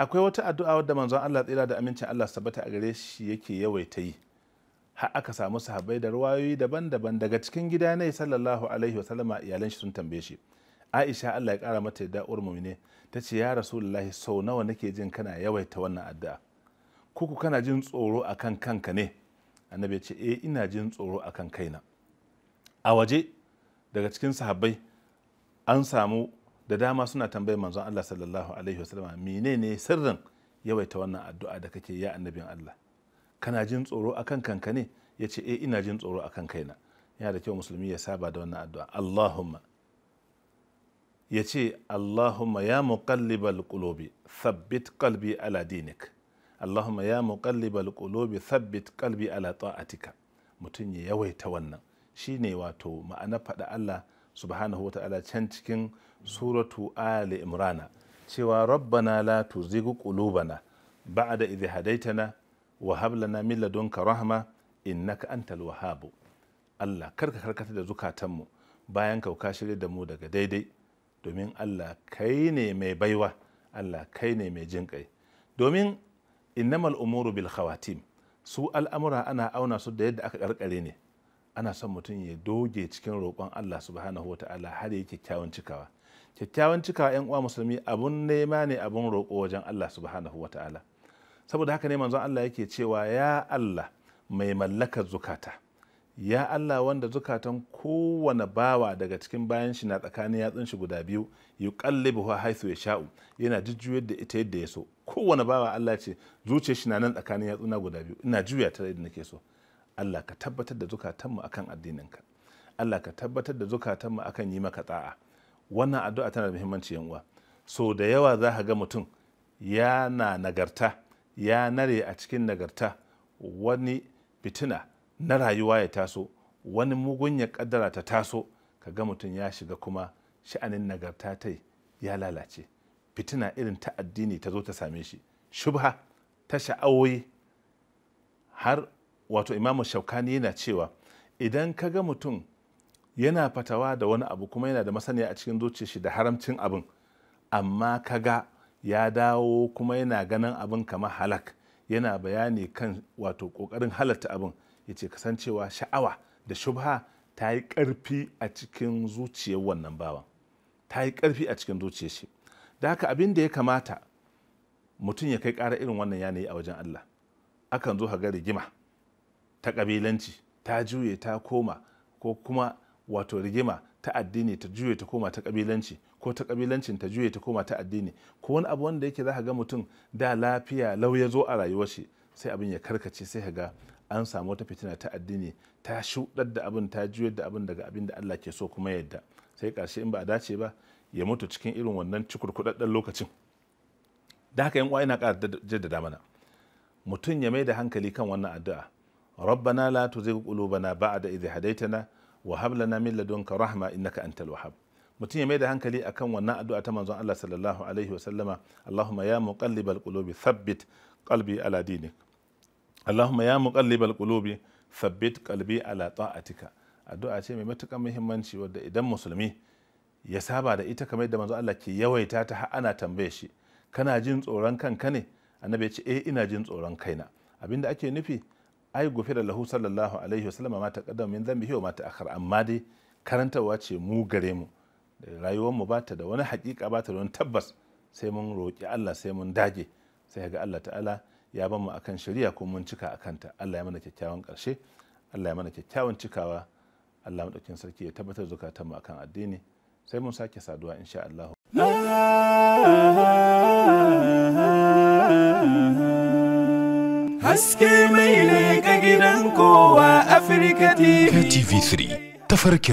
akwai wata addu'a wadda manzon Allah tsira da amincin Allah sabata a gare shi yake yawaita yi har aka samu sahabbai da ruwayoyi daban-daban daga cikin gida ne sallallahu alaihi wa sallama iyalan shi sun tambaye shi Aisha Allah ya kara mata yadda uwar mu'mine ta ce ya Rasulullahi sau nawa nake jin kana yawaita wannan addu'a kuku kana jin tsoro akan kanka ne annabi ya ce eh ina jin tsoro akan kaina a waje daga cikin sahabbai an samu da dama suna tambayar manzon Allah sallallahu alaihi wasallam menene sirrin yawaita wannan addu'a da kake ya annabin Allah kana jin tsoro akan kanka ne yace eh ina jin tsoro akan kaina yana da kyau musulmi ya saba da wannan addu'a Allahumma yace ce Allahumma ya muqallibal qulubi thabbit qalbi ala dinik Allahumma ya muqallibal qulubi thabbit qalbi ala ta'atika mutum ya yawaita wannan shine wato ma'ana faɗa Allah subhanahu wa ta'ala can cikin suratu ali imrana cewa rabbana la tuzigh qulubana ba'da idh hadaitana wa hab lana min ladunka rahma innaka antal wahhab Allah karka karkata da zukatanmu bayan kauka shirya da mu daga daidai domin Allah kai ne mai baiwa Allah kai ne mai jin kai domin innamal umuru bil khawatim su al'amura ana auna su da yadda aka karkare ne ana son mutum ya doge cikin roƙon Allah subhanahu wa ta'ala har ya kyakkyawan cikawa kyakkyawan cikawa yan uwa musulmi abun nema ne abun roƙo wajen Allah subhanahu wa ta'ala saboda haka ne manzon Allah yake cewa ya Allah mai mallakar zukata ya Allah wanda zukatan kowane bawa daga cikin bayan shi na tsakanin yatsun shi guda biyu yuqallibu ya sha'u. yana jujjuyar da ita yadda ya so kowane bawa Allah ce zuciyar shi na nan tsakanin yatsuna guda biyu ina juya ta yadda nake so Allah ka tabbatar da zukatanmu akan addininka Allah ka tabbatar da zukatanmu akan yi maka tsa'a wannan addu'a tana da muhimmanci yan uwa so da yawa za ka ga mutum yana nagarta ya nare a cikin nagarta wani fitina na rayuwa ya taso wani mugun ya kaddara ta taso ka ga mutum ya shiga kuma sha'anin nagarta tai ya lalace fitina irin ta addini ta zo ta same shi shubha ta sha'awoyi har wato imamu shaukani yana cewa idan ka ga mutum yana fatawa da wani abu kuma yana da masaniya a cikin zuciyar da haramcin abin amma ka ga ya dawo kuma yana ganin abin kamar halak yana bayani kan wato kokarin halatta abin ya ce kasancewa sha'awa da shubha ta yi ƙarfi a cikin zuciyar wannan bawan ta yi ƙarfi a cikin zuciyar shi da haka abin da ya kamata mutum ya kai ƙara irin wannan yanayi a wajen Allah akan zo ga rigima ta ƙabilanci ta juye ta koma ko kuma wato rigima ta addini ta juye ta koma ta kabilanci ko ta kabilancin ta juye ta koma ta addini ko wani abu wanda yake za ga mutum da lafiya lauya zo a rayuwar shi sai abin ya karkace sai ka ga an samu wata fitina ta addini ta shuɗar da abin ta juyar da abin daga abin da Allah ke so kuma yadda sai karshe in ba a dace ba ya mutu cikin irin wannan cikurkuɗaɗɗen lokacin da haka yan uwa ina ƙara jaddada mana mutum ya mai da hankali kan wannan addu'a rabbana la ba a da idh hadaytana wa hab lana min ka rahma ka antal wahhab mutum ya mai da hankali akan wannan addu'a ta manzon Allah sallallahu alaihi Wasallama. Allahumma ya muqallibal qulubi thabbit qalbi ala dinik Allahumma ya muqallibal qulubi thabbit qalbi ala ta'atika addu'a ce mai matukar muhimmanci wadda idan musulmi ya saba da ita kamar yadda manzo Allah ke yawaita ta har ana tambaye shi kana jin tsoron kanka ne annabi ya ce eh ina jin tsoron kaina abinda ake nufi ai da lahu sallallahu alaihi wa sallama mata taqaddama min dhanbihi wa mata akhar amma dai karantarwa ce mu gare mu rayuwar mu bata da wani hakika bata da wani tabbas sai mun roki Allah sai mun dage sai ga Allah ta'ala ya ban mu akan shari'a ko mun cika akanta Allah ya mana kyakkyawan karshe Allah ya mana kyakkyawan cikawa Allah madaukin sarki ya tabbatar zukatan mu akan addini sai mun sake saduwa insha Allah haske mai ne ga gidan kowa Afirka TV. TV3 tafarkin